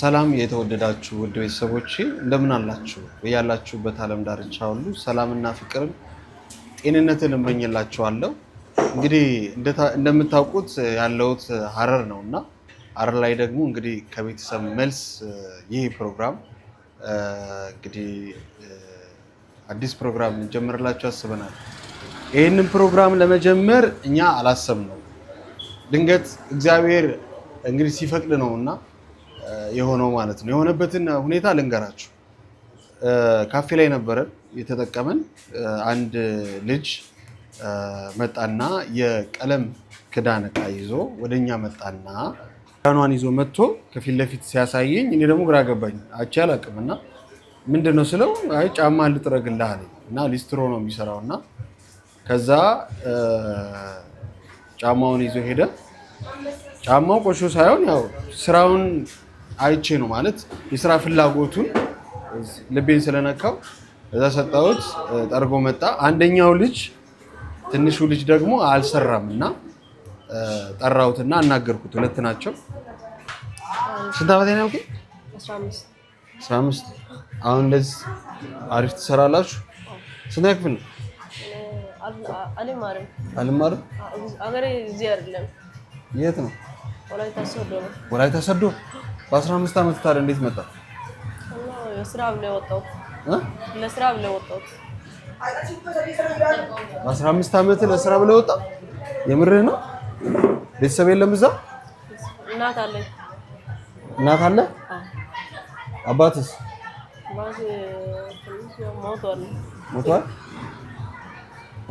ሰላም የተወደዳችሁ ውድ ቤተሰቦች እንደምን አላችሁ? ያላችሁበት ዓለም ዳርቻ ሁሉ ሰላምና ፍቅርን ጤንነትን እመኝላችኋለሁ። እንግዲህ እንደምታውቁት ያለሁት ሀረር ነው እና ሀረር ላይ ደግሞ እንግዲህ ከቤተሰብ መልስ ይህ ፕሮግራም እንግዲህ አዲስ ፕሮግራም እንጀምርላችሁ አስበናል። ይህንን ፕሮግራም ለመጀመር እኛ አላሰብነው፣ ድንገት እግዚአብሔር እንግዲህ ሲፈቅድ ነው እና የሆነው ማለት ነው። የሆነበትን ሁኔታ ልንገራችሁ። ካፌ ላይ ነበረን የተጠቀመን። አንድ ልጅ መጣና የቀለም ክዳን እቃ ይዞ ወደኛ መጣና ክዳኗን ይዞ መጥቶ ከፊት ለፊት ሲያሳየኝ እኔ ደግሞ ግራ ገባኝ። አይቼ አላውቅም እና ምንድን ነው ስለው አይ ጫማ ልጥረግልህ አለኝ እና ሊስትሮ ነው የሚሰራው እና ከዛ ጫማውን ይዞ ሄደ። ጫማው ቆሾ ሳይሆን ያው ስራውን አይቼ ነው ማለት የስራ ፍላጎቱን ልቤን ስለነካው እዛ ሰጠሁት። ጠርጎ መጣ። አንደኛው ልጅ ትንሹ ልጅ ደግሞ አልሰራም እና ጠራሁትና አናገርኩት። ሁለት ናቸው። ስንት ዓመት ነው? አስራ አምስት አሁን እንደዚህ አሪፍ ትሰራላችሁ። ስንት ክፍል ነው? አልማርም አልማርም። አገሬ እዚህ አይደለም። የት ነው? ወላይታ ሶዶ። ወላይታ ሶዶ በአስራአምስት አመት ዓመት ታዲያ እንዴት መጣ? ለስራ ብለው ወጣሁት ለስራ ብለው ወጣሁት በአስራ ዓመት ለስራ ብለው ወጣ። የምርህ ነው? ቤተሰብ የለም እዛ? እናት አለ። እናት አለ? አባትስ? ሞቷል።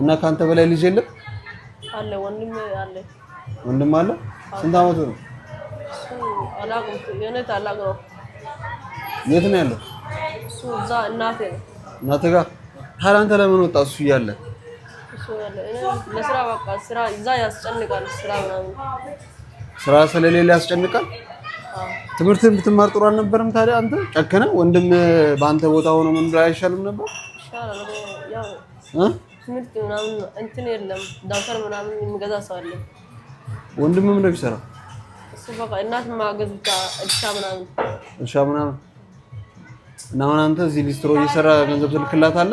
እና ከአንተ በላይ ልጅ የለም? አለ። ወንድም አለ። ወንድም አለ። ስንት ዓመቱ ነው? የእውነት አላውቅም። የት ነው ያለው? እሱ እዛ እናቴ ነው። እናቴ ጋር ታዲያ አንተ ለምን ወጣ? እሱ እያለ ለስራ በቃ ስራ እዛ ያስጨንቃል። ስራ ምናምን ስራ ስለሌለ ያስጨንቃል። ትምህርትን ብትማር ጥሩ አልነበረም? ታዲያ አንተ ጨከነ ወንድም በአንተ ቦታ ሆኖ ምን ብላ አይሻልም ነበር? ትምህርት ምናምን እንትን የለም ዳክተር ምናምን የሚገዛ ሰው አለ። ወንድም ምን ነው የሚሰራው? እርሻ ምናምን እና አሁን አንተ እዚህ ሊስትሮ እየሰራ ገንዘብ ትልክላት አለ።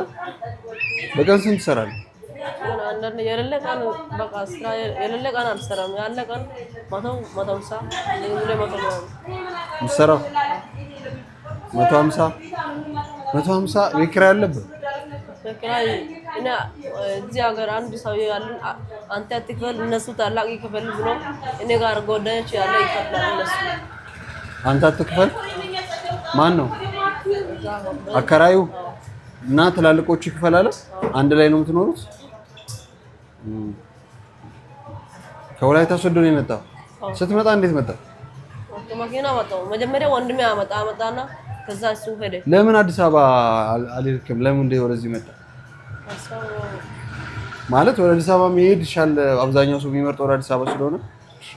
በቀን ስንት ትሰራለህ? በቃ ስራ የምትሰራው መቶ ሀምሳ መቶ ሀምሳ ቤት ኪራይ አለብህ። እዚህ ሀገር አንድ ሰው ያለን አንተ አትክፈል፣ እነሱ ታላቅ ይክፈል ብሎ እኔ ጋር ጎደች ያለ ይከፍላል። እነሱ አንተ አትክፈል። ማን ነው አከራዩ? እና ትላልቆቹ ይክፈላል። አንድ ላይ ነው የምትኖሩት? ከወላይታ ሶዶ ነው የመጣው። ስትመጣ እንዴት መጣ? መኪና መጣው። መጀመሪያ ወንድሜ አመጣ አመጣና ከዛ እሱ ሄደ። ለምን አዲስ አበባ አልሄድክም? ለምን ወደዚህ መጣ? ማለት ወደ አዲስ አበባ መሄድ ይሻል። አብዛኛው ሰው የሚመርጠው ወደ አዲስ አበባ ስለሆነ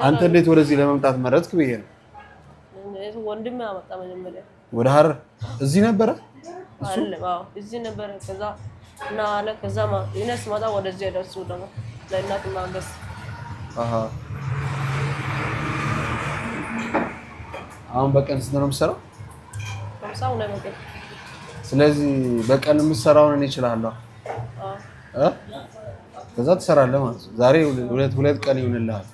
አንተ እንዴት ወደዚህ ለመምጣት መረጥክ ብዬ ነው። ወንድም ያመጣ መጀመሪያ ወደ ሀረር እዚህ ነበረ እዚህ ነበረ። ከዛ እና አለ ከዛ መጣ ወደዚህ ደርሱ ደግሞ ለእናት አሁን በቀን ስንት ነው የምትሰራው? ስለዚህ በቀን የምትሰራውን እኔ እችላለሁ። ከዛ ትሰራለህ ማለት ነው። ዛሬ ሁለት ሁለት ቀን ይሆንልሃል።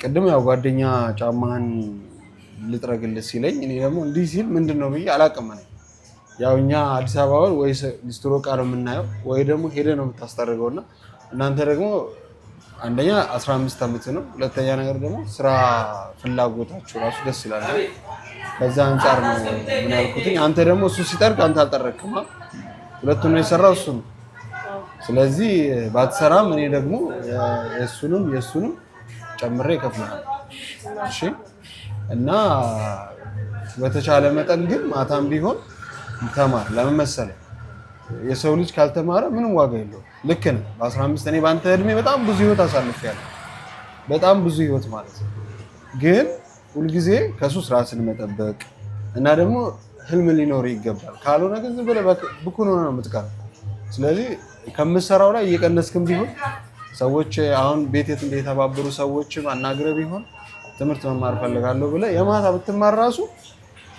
ቅድም ያው ጓደኛ ጫማህን ልጥረግልህ ሲለኝ እኔ ደግሞ እንዲህ ሲል ምንድን ነው ብዬ አላቅም። ያው እኛ አዲስ አበባ ወይ ሊስትሮ ዕቃ ነው የምናየው ወይ ደግሞ ሄደህ ነው የምታስጠርገው እና እናንተ ደግሞ አንደኛ 15 ዓመት ነው፣ ሁለተኛ ነገር ደግሞ ስራ ፍላጎታችሁ ራሱ ደስ ይላል። ከዛ አንጻር ነው ምን ያልኩትኝ። አንተ ደግሞ እሱ ሲጠርቅ አንተ አልጠረክማ ሁለቱን ነው የሰራው እሱ ነው ስለዚህ ባትሰራም እኔ ደግሞ የእሱንም የእሱንም ጨምሬ ይከፍልሃል። እሺ። እና በተቻለ መጠን ግን ማታም ቢሆን ተማር። ለምን መሰለህ የሰው ልጅ ካልተማረ ምንም ዋጋ የለው። ልክ ነህ። በ15 እኔ በአንተ እድሜ በጣም ብዙ ህይወት አሳልፌያለሁ። በጣም ብዙ ህይወት ማለት ነው። ግን ሁልጊዜ ከሱስ ራስን መጠበቅ እና ደግሞ ህልም ሊኖር ይገባል። ካልሆነ ግን ዝም ብለህ ብኩን ሆነ ነው የምትቀረው። ስለዚህ ከምሰራው ላይ እየቀነስክም ቢሆን ሰዎች አሁን ቤት የት እንደተባበሩ ሰዎችም አናግረ ቢሆን ትምህርት መማር ፈልጋለሁ ብለህ የማታ ብትማር ራሱ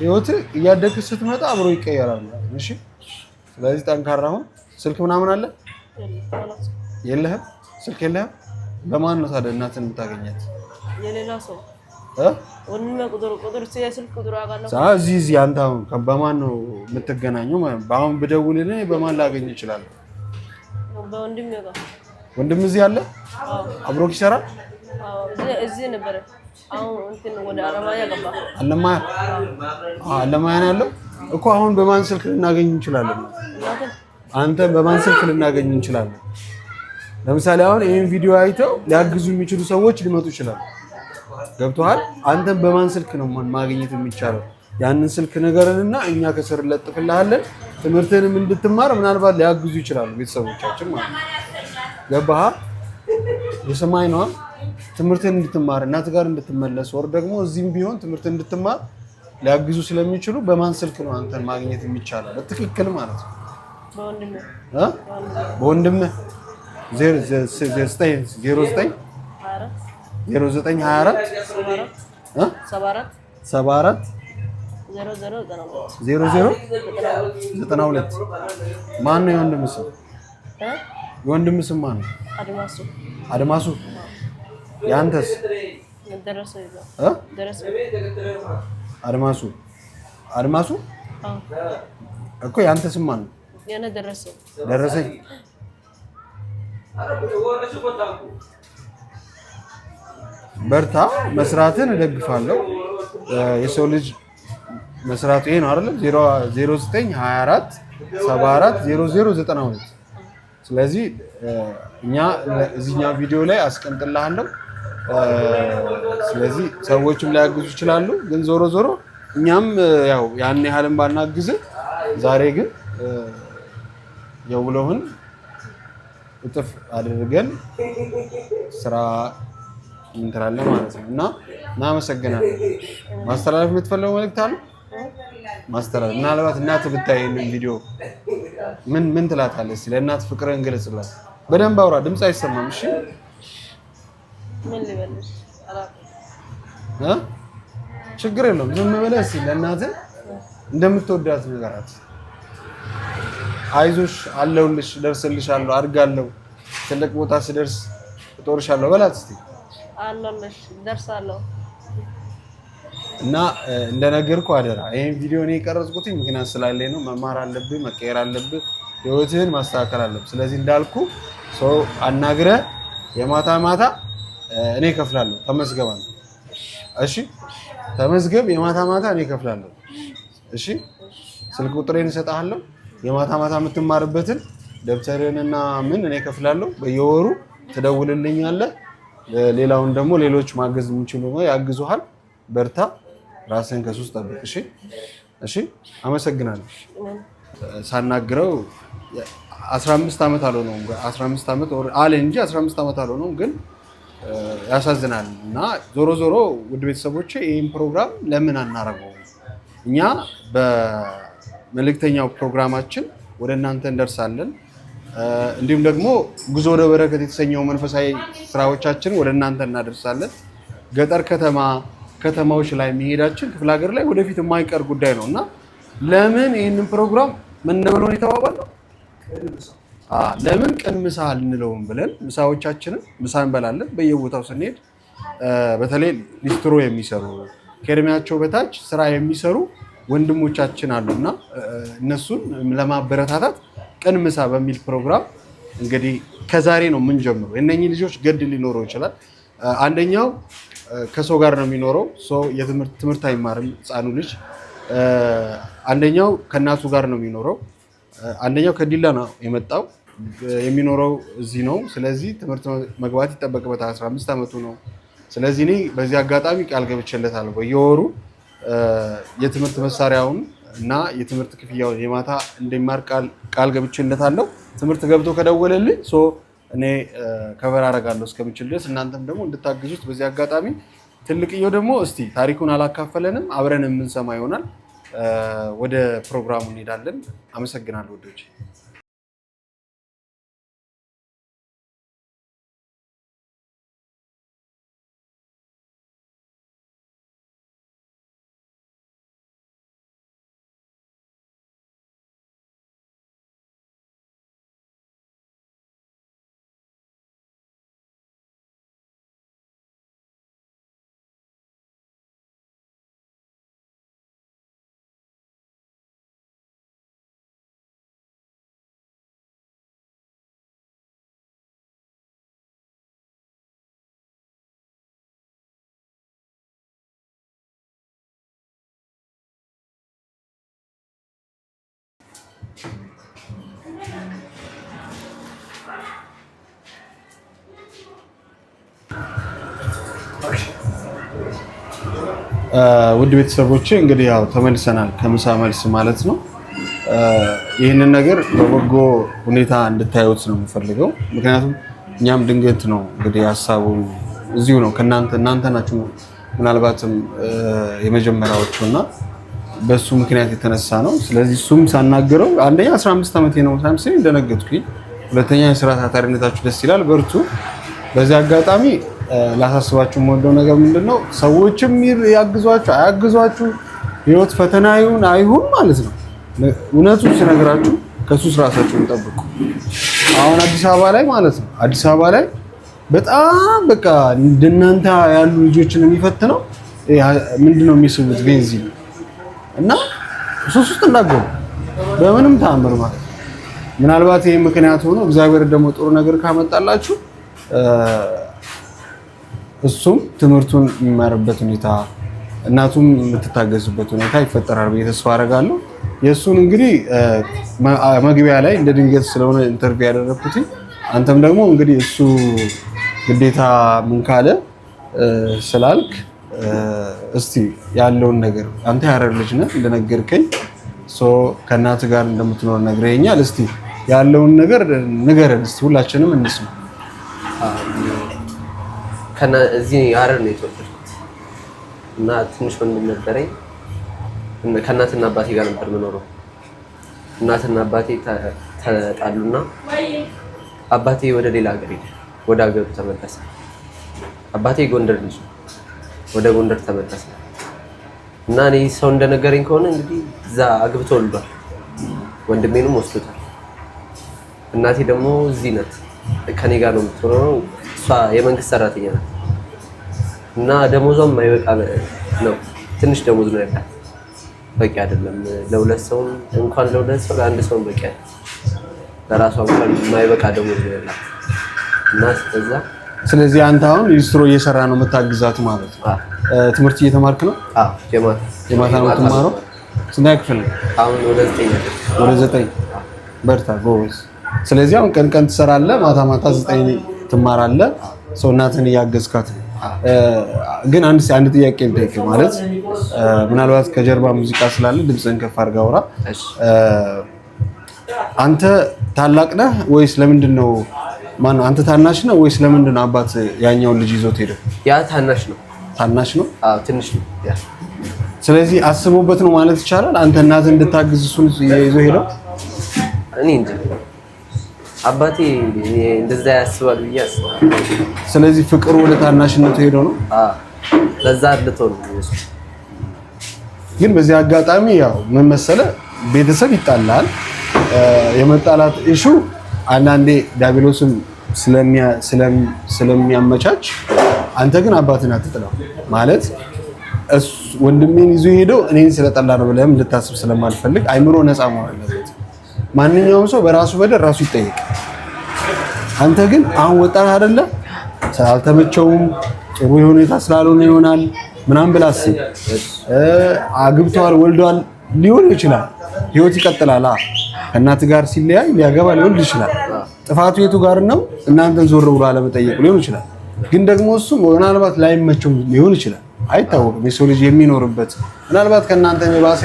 ህይወት እያደግክ ስትመጣ አብሮ ይቀየራል። እሺ፣ ስለዚህ ጠንካራ ሁን። ስልክ ምናምን አለ የለህም? ስልክ የለህም? በማን ነው ታዲያ እናትን የምታገኛት? የሌላ እዚህ እዚህ አንተ አሁን በማን ነው የምትገናኙ? በአሁን ብደውልልህ በማን ላገኝ ይችላለሁ? ወንድም እዚህ አለ፣ አብሮክ ይሰራል። እዚህ ነበረ። አለማያ አለማያ ነው ያለው እኮ። አሁን በማን ስልክ ልናገኝ እንችላለን? አንተ በማን ስልክ ልናገኝ እንችላለን? ለምሳሌ አሁን ይሄን ቪዲዮ አይተው ሊያግዙ የሚችሉ ሰዎች ሊመጡ ይችላሉ። ገብቶሃል? አንተን በማን ስልክ ነው ማግኘት የሚቻለው? ያንን ስልክ ነገርንና እኛ ከስር እንለጥፍልሃለን። ትምህርትንም እንድትማር ምናልባት ሊያግዙ ይችላሉ ቤተሰቦቻችን ማለት ነው። ገባህ? የሰማይ ነዋ። ትምህርትን እንድትማር እናት ጋር እንድትመለስ ወር ደግሞ እዚህም ቢሆን ትምህርት እንድትማር ሊያግዙ ስለሚችሉ በማን ስልክ ነው አንተን ማግኘት የሚቻላል? በትክክል ማለት ነው። በወንድም ሰባ አራት ዜሮ ዜሮ ዘጠና ሁለት ማን ነው የወንድም ስም? የወንድም ስም ማን ነው? አድማሱ። የአንተስ? አድማሱ አድማሱ እኮ የአንተ ስም ማን ነው? ደረሰኝ። በርታ፣ መስራትን እደግፋለሁ። የሰው ልጅ መስራቱ ይሄ ነው አይደለም 24 74 0092 ስለዚህ እኛ እዚህኛው ቪዲዮ ላይ አስቀምጥልሃለሁ ስለዚህ ሰዎችም ሊያግዙ ይችላሉ ግን ዞሮ ዞሮ እኛም ያው ያን ያህልን ባናግዝ ዛሬ ግን የውለውን እጥፍ አድርገን ስራ እንትራለን ማለት ነው እና እናመሰግናለን ማስተላለፍ የምትፈልገው መልእክት አለ ማስተር ምናልባት እናት ብታይ ይህንን ቪዲዮ ምን ምን ትላታለች? ለእናት ፍቅርህን ግለጽላት በደንብ አውራ። ድምፅ አይሰማም። እሺ ችግር የለውም። ዝም ብለህ እስኪ ለእናትህ እንደምትወዳት ነገራት። አይዞሽ፣ አለሁልሽ፣ ደርስልሻለሁ፣ አድጋለሁ፣ ትልቅ ቦታ ስደርስ እጦርሻለሁ በላት እስኪ። አለሁልሽ፣ ደርሳለሁ እና እንደነገርኩ አደራ ይህን ቪዲዮ እኔ የቀረጽኩት ምክንያት ስላለ ነው። መማር አለብህ፣ መቀየር አለብህ፣ ህይወትህን ማስተካከል አለብህ። ስለዚህ እንዳልኩ ሰው አናግረ የማታ ማታ እኔ ከፍላለሁ። ተመዝገባ እሺ ተመዝገብ። የማታ ማታ እኔ ከፍላለሁ። እሺ ስልክ ቁጥሬን እሰጥሃለሁ። የማታ ማታ የምትማርበትን ደብተርህንና ምን እኔ ከፍላለሁ። በየወሩ ትደውልልኛለህ። ሌላውን ደግሞ ሌሎች ማገዝ የሚችሉ ያግዙሃል። በርታ። ራስህን ከሱስ ጠብቅ። እሺ፣ እሺ። አመሰግናለሁ። ሳናግረው 15 ዓመት አልሆነውም። 15 ዓመት አለ እንጂ 15 ዓመት አልሆነውም ግን ያሳዝናል። እና ዞሮ ዞሮ ውድ ቤተሰቦች ይህን ፕሮግራም ለምን አናረገውም? እኛ በመልእክተኛው ፕሮግራማችን ወደ እናንተ እንደርሳለን። እንዲሁም ደግሞ ጉዞ ወደ በረከት የተሰኘው መንፈሳዊ ስራዎቻችን ወደ እናንተ እናደርሳለን። ገጠር ከተማ ከተማዎች ላይ መሄዳችን ክፍለ ሀገር ላይ ወደፊት የማይቀር ጉዳይ ነው እና ለምን ይህንን ፕሮግራም ምን ብሎን ነው ለምን ቅን ምሳ አልንለውም ብለን ምሳዎቻችንን ምሳ እንበላለን። በየቦታው ስንሄድ በተለይ ሊስትሮ የሚሰሩ ከእድሜያቸው በታች ስራ የሚሰሩ ወንድሞቻችን አሉ እና እነሱን ለማበረታታት ቅን ምሳ በሚል ፕሮግራም እንግዲህ ከዛሬ ነው የምንጀምረው። የእነኚህ ልጆች ገድ ሊኖረው ይችላል። አንደኛው ከሰው ጋር ነው የሚኖረው። የትምህርት ትምህርት አይማርም ህፃኑ ልጅ። አንደኛው ከእናቱ ጋር ነው የሚኖረው። አንደኛው ከዲላ ነው የመጣው የሚኖረው እዚህ ነው። ስለዚህ ትምህርት መግባት ይጠበቅበታል። 15 ዓመቱ ነው። ስለዚህ እኔ በዚህ አጋጣሚ ቃል ገብቼለታለሁ በየወሩ የትምህርት መሳሪያውን እና የትምህርት ክፍያውን የማታ እንደሚማር ቃል ገብቼለታለሁ። ትምህርት ገብቶ ከደወለልኝ እኔ ከበር አደርጋለሁ እስከምችል ድረስ እናንተም ደግሞ እንድታግዙት በዚህ አጋጣሚ። ትልቅየው ደግሞ እስቲ ታሪኩን አላካፈለንም፣ አብረን የምንሰማ ይሆናል። ወደ ፕሮግራሙ እንሄዳለን። አመሰግናለሁ ወዶች ውድ ቤተሰቦቼ እንግዲህ ያው ተመልሰናል፣ ከምሳ መልስ ማለት ነው። ይህንን ነገር በበጎ ሁኔታ እንድታዩት ነው የምፈልገው። ምክንያቱም እኛም ድንገት ነው እንግዲህ ሀሳቡ እዚሁ ነው ከእናንተ እናንተ ናችሁ ምናልባትም የመጀመሪያዎቹ እና በሱ ምክንያት የተነሳ ነው። ስለዚህ እሱም ሳናገረው አንደኛ 15 ዓመቴ ነው ሳምሰን እንደነገጥኩኝ፣ ሁለተኛ የስራ ታታሪነታችሁ ደስ ይላል፣ በርቱ። በዚህ አጋጣሚ ላሳስባችሁ የምወደው ነገር ምንድን ነው፣ ሰዎችም ያግዟችሁ አያግዟችሁ፣ ህይወት ፈተና ይሁን አይሁን ማለት ነው እውነቱ ሲነግራችሁ ከሱስ ራሳችሁን ጠብቁ። አሁን አዲስ አበባ ላይ ማለት ነው አዲስ አበባ ላይ በጣም በቃ እንደናንተ ያሉ ልጆችን የሚፈትነው ምንድነው የሚስቡት ቤንዚን እና ሶስት ውስጥ እንዳገቡ በምንም ተአምር ማለት ምናልባት ይህ ምክንያት ሆኖ እግዚአብሔር ደግሞ ጥሩ ነገር ካመጣላችሁ እሱም ትምህርቱን የሚማርበት ሁኔታ እናቱም የምትታገዝበት ሁኔታ ይፈጠራል ብዬ ተስፋ አደርጋለሁ። የእሱን እንግዲህ መግቢያ ላይ እንደ ድንገት ስለሆነ ኢንተርቪው ያደረግኩት አንተም ደግሞ እንግዲህ እሱ ግዴታ ምን ካለ ስላልክ እስቲ ያለውን ነገር አንተ ያረር ልጅ ነህ እንደነገርከኝ፣ ከእናት ጋር እንደምትኖር ነግረኸኛል። እስቲ ያለውን ነገር ንገረን እስቲ ሁላችንም እንስ እዚህ ሀረር ነው የተወለድኩት እና ትንሽ ወንድም ነበረኝ። ከእናትና አባቴ ጋር ነበር የምኖረው። እናትና አባቴ ተጣሉና አባቴ ወደ ሌላ ሀገር ሄደ። ወደ ሀገሩ ተመለሰ። አባቴ ጎንደር ልጅ ነው ወደ ጎንደር ተመለሰ እና እኔ ሰው እንደነገረኝ ከሆነ እንግዲህ እዛ አግብቶ ወልዷል። ወንድሜንም ወስዶታል። እናቴ ደግሞ እዚህ ናት፣ ከኔ ጋር ነው የምትኖረው። እሷ የመንግስት ሰራተኛ ናት እና ደሞዟም የማይበቃ ነው። ትንሽ ደሞዝ ነው ያላት፣ በቂ አይደለም። ለሁለት ሰው እንኳን ለሁለት ሰው ለአንድ ሰው በቂ አይደለም። ለራሷ እንኳን የማይበቃ ደሞዝ ነው ያላት እና ስለዛ ስለዚህ አንተ አሁን ኢንስትሮ እየሰራ ነው የምታግዛት ማለት ነው። ትምህርት እየተማርክ ነው? አዎ፣ የማታ ነው የምትማረው። ስንተኛ ክፍል ነው? አሁን ወደ ዘጠኝ ወደ ዘጠኝ በርታ፣ ጎበዝ። ስለዚህ አሁን ቀን ቀን ትሰራለህ፣ ማታ ማታ ዘጠኝ ትማራለህ። ሰው እናትህን እያገዝካት ግን አንድ አንድ ጥያቄ ልጠይቅ ማለት ምናልባት ከጀርባ ሙዚቃ ስላለ ድምፅህን ከፍ አድርገህ አውራ። አንተ ታላቅ ነህ ወይስ ለምንድን ነው ማነው አንተ ታናሽ ነው ወይስ ለምንድን ነው አባት ያኛውን ልጅ ይዞት ሄደ? ያ ታናሽ ነው። ታናሽ ነው? አዎ ትንሽ ነው። ስለዚህ አስቦበት ነው ማለት ይቻላል። አንተ እናት እንድታግዝ እሱን ይዞ ሄደው። እኔ እንጂ አባቴ እንደዛ ያስባል ብዬ አስባለሁ። ስለዚህ ፍቅሩ ወደ ታናሽነቱ ሄዶ ነው። አዎ ለዛ አድልቶ ነው። ግን በዚህ አጋጣሚ ያው ምን መሰለ ቤተሰብ ይጣላል። የመጣላት እሹ አንዳንዴ ዲያብሎስም ስለሚያመቻች አንተ ግን አባትን አትጥለው ማለት ወንድሜን ይዞ ሄደው እኔን ስለጠላ ነው ብለህም እንድታስብ ስለማልፈልግ አይምሮ ነፃ መሆን አለበት። ማንኛውም ሰው በራሱ በደል ራሱ ይጠይቅ። አንተ ግን አሁን ወጣት አደለ ስላልተመቸውም ጥሩ ሁኔታ ስላልሆነ ይሆናል ምናምን ብላ አስብ። አግብተዋል፣ ወልደዋል ሊሆን ይችላል። ህይወት ይቀጥላል። ከእናት ጋር ሲለያይ ሊያገባ ሊወልድ ይችላል። ጥፋቱ የቱ ጋር ነው? እናንተን ዞር ብሎ አለመጠየቅ ሊሆን ይችላል። ግን ደግሞ እሱ ምናልባት ላይመቸው ሊሆን ይችላል። አይታወቅም። የሰው ልጅ የሚኖርበት ምናልባት ከእናንተ የባሰ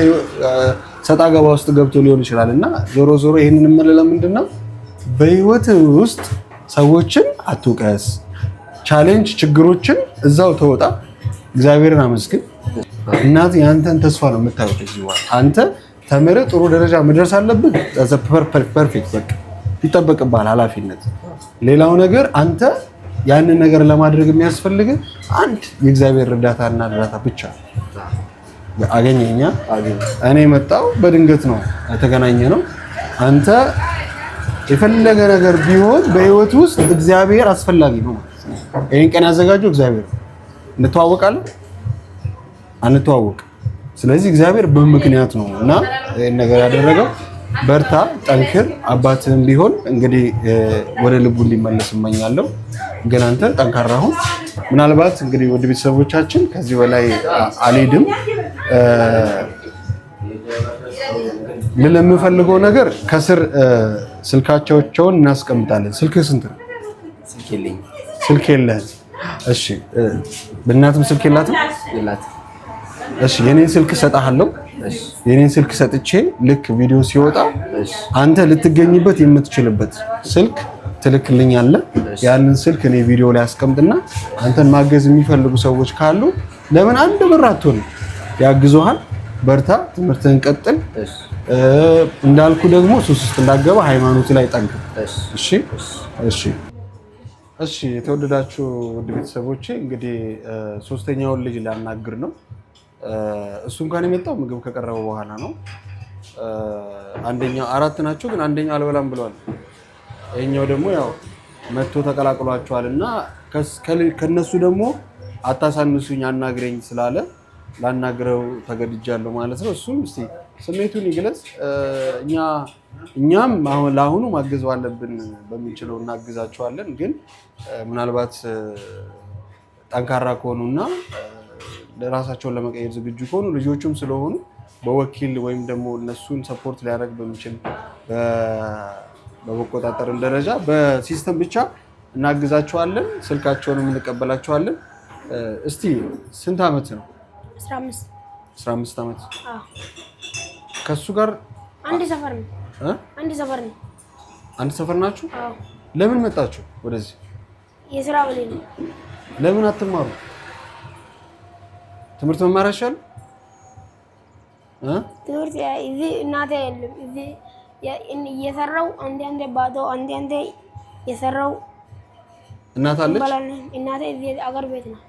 ሰጣ ገባ ውስጥ ገብቶ ሊሆን ይችላል እና ዞሮ ዞሮ ይህንን የምልለው ምንድን ነው፣ በህይወት ውስጥ ሰዎችን አትውቀስ። ቻሌንጅ ችግሮችን እዛው ተወጣ፣ እግዚአብሔርን አመስግን። እናት የአንተን ተስፋ ነው የምታወቅ። አንተ ተምረህ ጥሩ ደረጃ መድረስ አለብህ። ፐርፌክት በቃ ይጠበቅብሃል ኃላፊነት። ሌላው ነገር አንተ ያንን ነገር ለማድረግ የሚያስፈልግ አንድ የእግዚአብሔር እና እርዳታ ብቻ አገኘኛ። እኔ መጣው በድንገት ነው የተገናኘ ነው። አንተ የፈለገ ነገር ቢሆን በህይወት ውስጥ እግዚአብሔር አስፈላጊ ነው ይህን ቀን ያዘጋጀው እግዚአብሔር እንተዋወቃለን አንተዋወቅ። ስለዚህ እግዚአብሔር በምክንያት ነው እና ይህን ነገር ያደረገው በርታ፣ ጠንክር። አባትህም ቢሆን እንግዲህ ወደ ልቡ እንዲመለስ እመኛለሁ። ግን አንተ ጠንካራ ሁን። ምናልባት እንግዲህ ወደ ቤተሰቦቻችን ከዚህ በላይ አልሄድም። ለምፈልገው ነገር ከስር ስልካቸውን እናስቀምጣለን። ስልክ ስንት ነው? ስልክ የለህም? እሺ፣ እናትም ስልክ የላትም? እሺ፣ የኔን ስልክ እሰጥሃለሁ የኔን ስልክ ሰጥቼ ልክ ቪዲዮ ሲወጣ አንተ ልትገኝበት የምትችልበት ስልክ ትልክልኛለህ። ያንን ስልክ እኔ ቪዲዮ ላይ አስቀምጥና አንተን ማገዝ የሚፈልጉ ሰዎች ካሉ ለምን አንድ ብር አትሆን ያግዙሃል። በርታ፣ ትምህርትህን ቀጥል። እንዳልኩ ደግሞ ሱስ ውስጥ እንዳገባ ሃይማኖት ላይ ጠንቅ። እሺ፣ እሺ፣ እሺ። የተወደዳችሁ ውድ ቤተሰቦቼ እንግዲህ ሶስተኛውን ልጅ ላናግር ነው እሱ እንኳን የመጣው ምግብ ከቀረበ በኋላ ነው። አንደኛው አራት ናቸው፣ ግን አንደኛው አልበላም ብለዋል። ይህኛው ደግሞ ያው መጥቶ ተቀላቅሏቸዋል እና ከነሱ ደግሞ አታሳንሱኝ አናግረኝ ስላለ ላናግረው ተገድጃለሁ ማለት ነው። እሱም እስኪ ስሜቱን ይግለጽ። እኛም ለአሁኑ ማገዝ አለብን በምንችለው እናግዛቸዋለን። ግን ምናልባት ጠንካራ ከሆኑና ራሳቸውን ለመቀየር ዝግጁ ከሆኑ ልጆቹም ስለሆኑ በወኪል ወይም ደግሞ እነሱን ሰፖርት ሊያደርግ በሚችል በመቆጣጠርም ደረጃ በሲስተም ብቻ እናግዛቸዋለን። ስልካቸውንም እንቀበላቸዋለን። እስቲ ስንት ዓመት ነው? አስራ አምስት ዓመት ከእሱ ጋር አንድ ሰፈር ነው። አንድ ሰፈር ነው። አንድ ሰፈር ናችሁ። ለምን መጣችሁ ወደዚህ? የስራ ነው። ለምን አትማሩ? ትምህርት መማር አይሻልም? ትምህርት እዚህ እናቴ የለም። እዚህ እየሰራው አንዴ አንዴ ባዶ አንዴ አንዴ የሰራው እናት አለች። እናቴ እዚህ አገር ቤት ነው።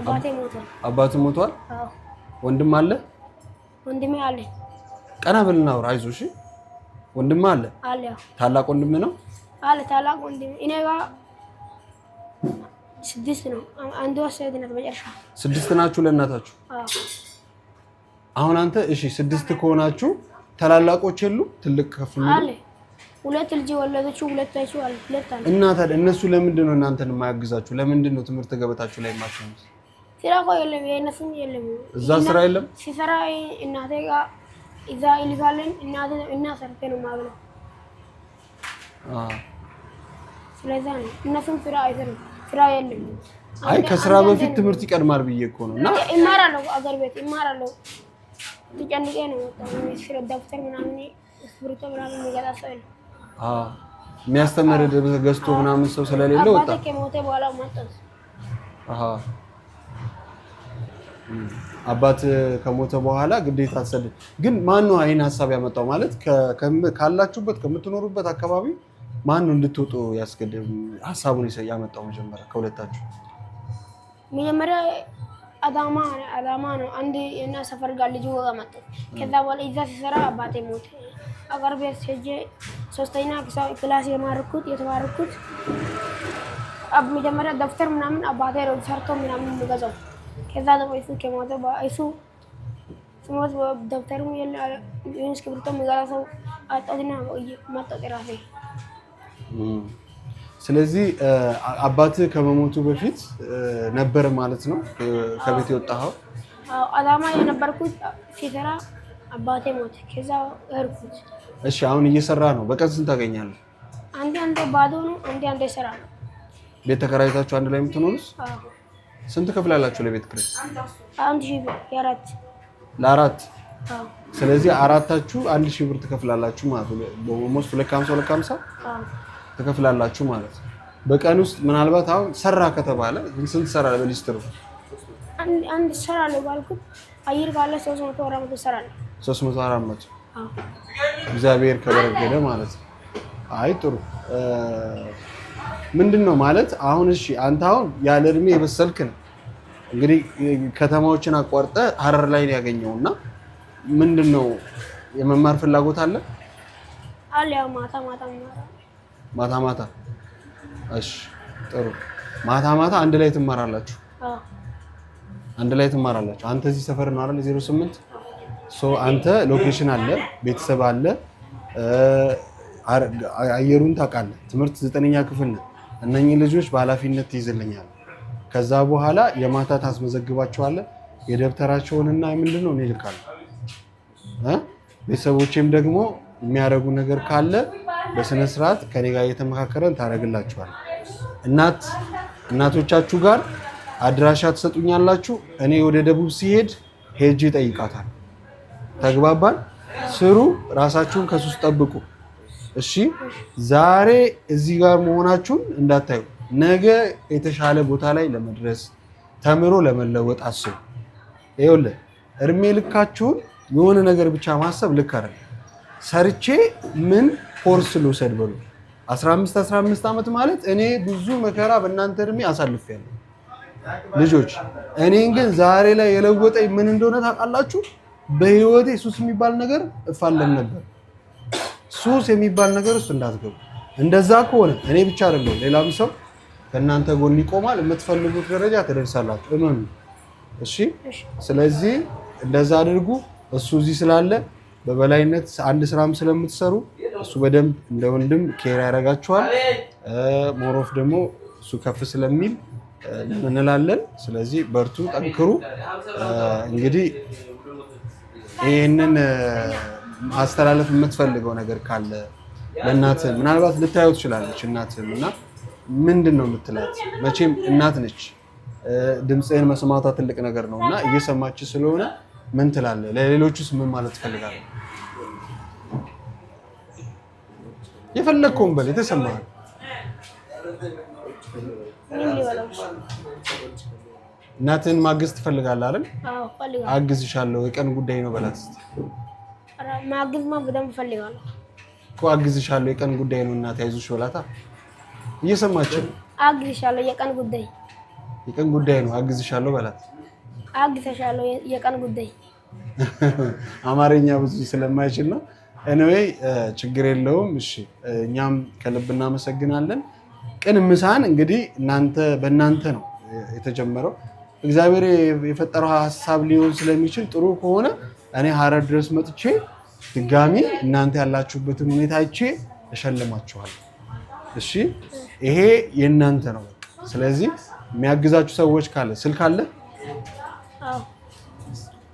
አባቴ ሞቷል። አባቱ ሞቷል። ወንድም አለ። ወንድሜ አለ። ቀና ብልና አውራ። አይዞሽ። ወንድም አለ ወንድሜ አለ ቀና ብልና አውራ እሺ ወንድም አለ አለ ታላቅ ወንድም ነው አለ። ታላቅ ወንድም እኔ ጋር ስድስት ነው። አንዱ ሴት ናት። መጨረሻ ስድስት ናችሁ ለእናታችሁ። አሁን አንተ እሺ፣ ስድስት ከሆናችሁ ታላላቆች የሉ ትልቅ ከፍ አለ ሁለት ልጅ ሁለት ሁለታችሁ አለ ሁለት አለ እና ታዲያ እነሱ ለምንድን ነው እናንተን የማያግዛችሁ? ለምንድን ነው ትምህርት ገበታችሁ ላይ የማትሆኑት? ስራ እኮ የለም፣ የእነሱም የለም። እዛ ስራ የለም። ሲሰራ እናቴ ጋር እዛ ይልካለን። እናቴ እና ሰርቴ ነው የማብለው። ስለዛ ነው እነሱም ስራ አይሰሩም ስራ የለም። አይ ከስራ በፊት ትምህርት ይቀድማል ብዬ እኮ ነው። እና እማራለሁ፣ አገር ቤት እማራለሁ። ትጨንቄ ነው ዳክተር ምናምን ብርቶ ምናምን የሚገዛ ሰው የለም። የሚያስተምር ገዝቶ ምናምን ሰው ስለሌለ ወጣ ከሞተ በኋላ ማጣት አባት ከሞተ በኋላ ግዴታ አሰደ። ግን ማን ነው ይሄን ሀሳብ ያመጣው? ማለት ካላችሁበት ከምትኖሩበት አካባቢ ማን ነው እንድትወጡ ያስገድም ሀሳቡን ያመጣው? መጀመሪያ ከሁለታችሁ መጀመሪያ አዳማ አዳማ ነው አንድ እና ሰፈር ጋር ልጅ ወጋ መጣ። ከዛ በኋላ እዛ ሲሰራ አባቴ ሞት አቀርቤ ሄጄ ሶስተኛ ክላስ የማርኩት የተማርኩት መጀመሪያ ደብተር ምናምን አባቴ ነው ሰርቶ ምናምን የሚገዛው። ከዛ ደግሞ እሱ ከሞተ እሱ ስሞት ደብተርም የለ እስክሪብቶም የሚገዛ ሰው አጣሁትና መጣሁ ራሴ ስለዚህ አባት ከመሞቱ በፊት ነበር ማለት ነው ከቤት የወጣኸው? አላማ የነበርኩት ሲሰራ አባቴ ሞት ከዛ እርኩት። እሺ አሁን እየሰራ ነው። በቀን ስንት ታገኛለህ? አንዴ አንዴ ባዶ ነው፣ አንዴ አንዴ ስራ ነው። ቤት ተከራይታችሁ አንድ ላይ የምትኖሩት? ስንት ከፍላላችሁ ለቤት ክራይ? አንድ ሺህ ብር የአራት ለአራት ስለዚህ አራታችሁ አንድ ሺህ ብር ትከፍላላችሁ ማለት ነው። ሁለት ከሀምሳ ሁለት ከሀምሳ ተከፍላላችሁ ማለት ነው። በቀን ውስጥ ምናልባት አሁን ሰራ ከተባለ ስንት ሰራ በሊስትር አንድ ሰራ ነው ባልኩ አየር ካለ 300 400 ሰራ ነው። 300 400 እግዚአብሔር ከበረገደ ማለት ነው። አይ ጥሩ ምንድን ነው ማለት አሁን እሺ፣ አንተ አሁን ያለ እድሜ የበሰልክ ነው እንግዲህ ከተማዎችን አቋርጠ ሀረር ላይ ያገኘው እና ምንድን ነው የመማር ፍላጎት አለ አለ ያው ማታ ማታ ማታ ማታ? እሺ ጥሩ። ማታ ማታ አንድ ላይ ትማራላችሁ? አንድ ላይ ትማራላችሁ። አንተ እዚህ ሰፈር ነው አይደል? 08 ሶ አንተ ሎኬሽን አለ፣ ቤተሰብ አለ፣ አየሩን ታውቃለህ። ትምህርት ዘጠነኛ ክፍል ነው። እነኚህ ልጆች በኃላፊነት ትይዝልኛል። ከዛ በኋላ የማታ ታስመዘግባቸዋለህ። የደብተራቸውንና ምንድን ነው እኔ እልካለሁ። ቤተሰቦቼም ደግሞ የሚያደርጉ ነገር ካለ በስነ ስርዓት ከኔ ጋር እየተመካከረን ታደርግላችኋል። እናት እናቶቻችሁ ጋር አድራሻ ትሰጡኛላችሁ። እኔ ወደ ደቡብ ሲሄድ ሄጅ ይጠይቃታል። ተግባባን። ስሩ፣ ራሳችሁን ከሱስ ጠብቁ። እሺ፣ ዛሬ እዚህ ጋር መሆናችሁን እንዳታዩ፣ ነገ የተሻለ ቦታ ላይ ለመድረስ ተምሮ ለመለወጥ አስቡ። ይኸውልህ እድሜ ልካችሁን የሆነ ነገር ብቻ ማሰብ ልክ አይደለም። ሰርቼ ምን ኮርስ ልውሰድ በሉ 15 15 ዓመት ማለት እኔ ብዙ መከራ በእናንተ እድሜ አሳልፌያለሁ ልጆች። እኔን ግን ዛሬ ላይ የለወጠኝ ምን እንደሆነ ታውቃላችሁ? በህይወቴ ሱስ የሚባል ነገር እፋለም ነበር። ሱስ የሚባል ነገር ውስጥ እንዳትገቡ። እንደዛ ከሆነ እኔ ብቻ አይደለሁም፣ ሌላም ሰው ከእናንተ ጎን ይቆማል። የምትፈልጉት ደረጃ ትደርሳላችሁ። እመኑ። እሺ። ስለዚህ እንደዛ አድርጉ። እሱ እዚህ ስላለ በበላይነት አንድ ስራም ስለምትሰሩ እሱ በደንብ እንደ ወንድም ኬር ያደርጋችኋል። ሞሮፍ ደግሞ እሱ ከፍ ስለሚል እንላለን። ስለዚህ በርቱ፣ ጠንክሩ። እንግዲህ ይህንን ማስተላለፍ የምትፈልገው ነገር ካለ ለእናትህ ምናልባት ልታየው ትችላለች። እናትህም እና ምንድን ነው የምትላት? መቼም እናት ነች። ድምፅህን መስማቷ ትልቅ ነገር ነው እና እየሰማች ስለሆነ ምን ትላለህ? ለሌሎቹስ ምን ማለት ትፈልጋለህ? የፈለግከውን በል የተሰማህን እናትህን ማገዝ ትፈልጋለህ አይደል? አግዝሻለሁ፣ የቀን ጉዳይ ነው በላት እስኪ። በደንብ እፈልጋለሁ እኮ አግዝሻለሁ፣ የቀን ጉዳይ ነው እናት፣ አይዞሽ በላታ። እየሰማችሁ አግዝሻለሁ፣ የቀን ጉዳይ የቀን ጉዳይ ነው፣ አግዝሻለሁ በላት። አግዝሻለሁ፣ የቀን ጉዳይ። አማርኛ ብዙ ስለማይችል ነው ኤኒዌይ uh, ችግር የለውም። እሺ እኛም ከልብ እናመሰግናለን። ቅን ምሳን እንግዲህ እናንተ በእናንተ ነው የተጀመረው። እግዚአብሔር የፈጠረው ሀሳብ ሊሆን ስለሚችል ጥሩ ከሆነ እኔ ሀረር ድረስ መጥቼ ድጋሚ እናንተ ያላችሁበትን ሁኔታ አይቼ እሸልማችኋለሁ። እሺ ይሄ የእናንተ ነው። ስለዚህ የሚያግዛችሁ ሰዎች ካለ ስልክ አለ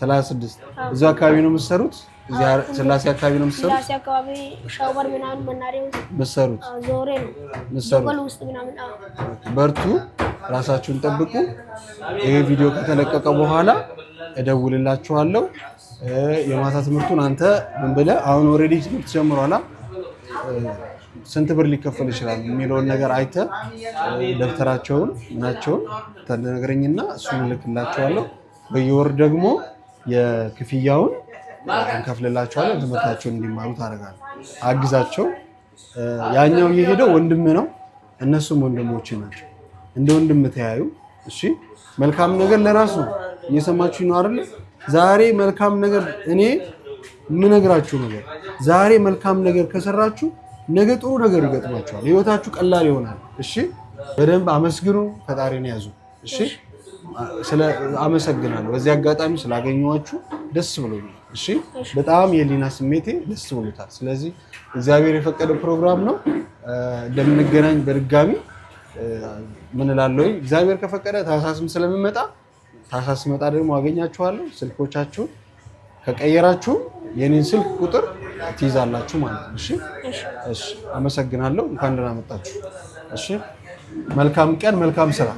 36 እዚሁ አካባቢ ነው የምትሰሩት? ስላሴ አካባቢ ነው የምትሰሩት? ስላሴ አካባቢ ሻወር ምናምን መናሪያ የምትሰሩት? ዞሬ ነው የምትሰሩት። በርቱ፣ ራሳችሁን ጠብቁ። ይሄ ቪዲዮ ከተለቀቀ በኋላ እደውልላችኋለሁ። የማታ ትምህርቱን አንተ ምን ብለህ አሁን ኦልሬዲ ትምህርት ጀምሯላ ስንት ብር ሊከፈል ይችላል የሚለውን ነገር አይተ ደብተራቸውን ምናቸውን ተነግረኝና እሱን እልክላቸዋለሁ። በየወር ደግሞ የክፍያውን እንከፍልላቸዋለን። ትምህርታቸውን እንዲማሩ ታደርጋለህ። አግዛቸው። ያኛው የሄደው ወንድም ነው፣ እነሱም ወንድሞች ናቸው። እንደ ወንድም ተያዩ። እሺ፣ መልካም ነገር ለራሱ እየሰማችሁ ነው አይደል? ዛሬ መልካም ነገር እኔ የምነግራችሁ ነገር ዛሬ መልካም ነገር ከሰራችሁ ነገ ጥሩ ነገር ይገጥማችኋል። ህይወታችሁ ቀላል ይሆናል። እሺ፣ በደንብ አመስግኑ፣ ፈጣሪን ያዙ። እሺ አመሰግናለሁ። በዚህ አጋጣሚ ስላገኘኋችሁ ደስ ብሎኛል። እሺ፣ በጣም የሊና ስሜቴ ደስ ብሎታል። ስለዚህ እግዚአብሔር የፈቀደ ፕሮግራም ነው። እንደምንገናኝ በድጋሚ ምን እላለሁ፣ እግዚአብሔር ከፈቀደ ታህሳስም ስለምመጣ ታህሳስ መጣ ደግሞ አገኛችኋለሁ። ስልኮቻችሁን ከቀየራችሁ የኔን ስልክ ቁጥር ትይዛላችሁ ማለት ነው። እሺ፣ እሺ፣ አመሰግናለሁ። እንኳን ደህና መጣችሁ። እሺ፣ መልካም ቀን፣ መልካም ስራ።